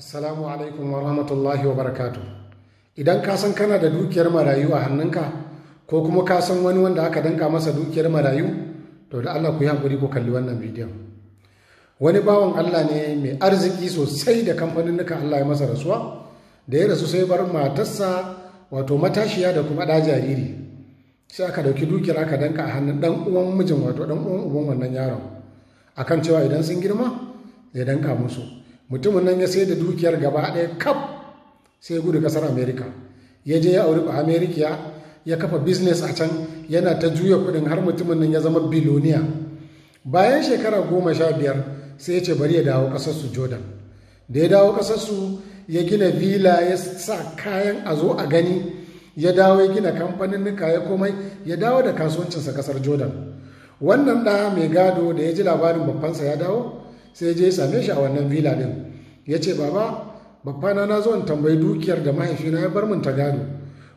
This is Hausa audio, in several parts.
Assalamu alaikum wa rahmatullahi wa barakatu. Idan ka san kana da dukiyar marayu a hannunka ko kuma ka san wani wanda aka danka masa dukiyar marayu, to da Allah ku yi haƙuri ku kalli wannan bidiyon. Wani bawan Allah ne mai arziki sosai da kamfanin nuka Allah ya masa rasuwa, da ya rasu sai bar matarsa wato matashiya da kuma ɗa jariri. Sai aka ɗauki dukiyar aka danka a hannun ɗan uwan mijin wato ɗan uwan uban wannan yaron. Akan cewa idan sun girma, ya danka musu. mutumin nan ya sai da dukiyar gaba ɗaya kaf sai ya gudu kasar Amerika, ya je ya auri amerika ya kafa business a can yana ta juya kuɗin har mutumin nan ya zama biloniya bayan shekara goma sha biyar sai ya ce bari ya dawo su jordan da ya dawo su ya gina villa ya sa kayan a zo a gani ya dawo ya gina kamfanin nuka ya komai ya dawo da kasuwancinsa kasar jordan wannan da mai gado da ya ji labarin babbansa ya dawo sai je same shi a wannan villa din ya ce baba babbana na zo in tambayi dukiyar da mahaifina ya bar mun ta gado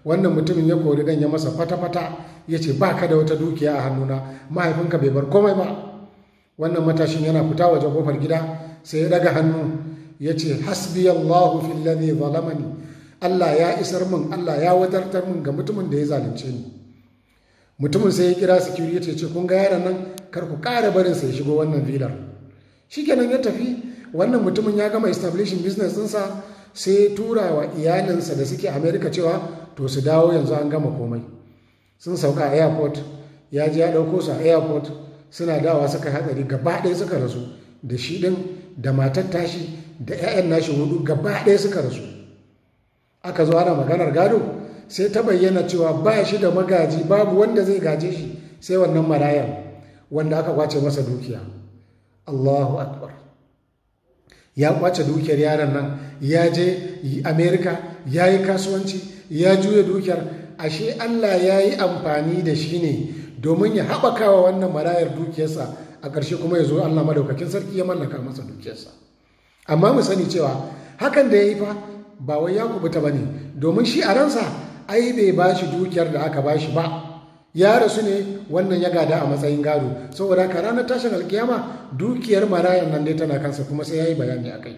wannan mutumin ya kori dan ya masa fata-fata ya ce ba ka da wata dukiya a hannuna mahaifinka bai bar komai ba wannan matashin yana fita wajen kofar gida sai ya daga hannu ya ce hasbi allahu fi ladhi zalamani allah ya isar min allah ya wadartar min ga mutumin da ya zalunce ni mutumin sai ya kira security ya ce kun ga yaran nan kar ku ƙara barin sa ya shigo wannan vilar shikenan ya tafi wannan mutumin ya gama establishing business ɗinsa sai tura wa iyalinsa da suke america cewa to su dawo yanzu an gama komai sun sauka a airport ya ji ya ɗauko su a airport suna dawa suka hatsari gaba ɗaya suka rasu da shi ɗin da matar tashi da 'ya'yan nashi hudu gaba ɗaya suka rasu aka zo ana maganar gado sai ta bayyana cewa ba shi da magaji babu wanda zai gaje shi sai wannan marayan wanda aka kwace masa dukiya Allahu Akbar ya kwace dukiyar yaron nan ya je Amerika ya yi kasuwanci ya juya dukiyar ashe Allah ya yi amfani da shi ne domin ya haɓakawa wannan marayar dukiyarsa a ƙarshe kuma ya zo Allah madaukakin sarki ya mallaka masa dukiyarsa amma mu sani cewa hakan da ya yi fa ba wai ya kubuta ba ne domin shi a ransa ai bai ba shi dukiyar da aka ba shi ba ya rasu ne wannan ya gada a matsayin gado saboda ka ranar tashin alkiyama dukiyar marayan nan dai tana kansa kuma sai ya yi bayani a kai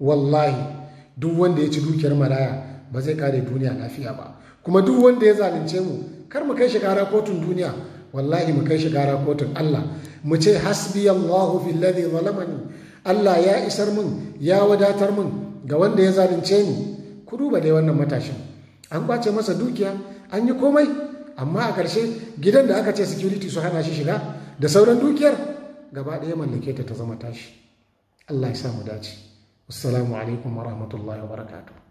wallahi duk wanda ya ci dukiyar maraya ba zai kare duniya lafiya ba kuma duk wanda ya zalunce mu kar mu kai shi kara kotun duniya wallahi mu kai shi kara kotun Allah mu ce hasbi Allahu fil ladhi zalamani Allah ya isar mun ya wadatar mun ga wanda ya zalunce ni ku duba dai wannan matashin an kwace masa dukiya an yi komai amma a ƙarshe gidan da aka ce security su hana shi shiga da sauran dukiyar gaba ɗaya mallake ta ta zama tashi Allah ya sa mu dace assalamu alaikum wa rahmatullahi wa barakatuh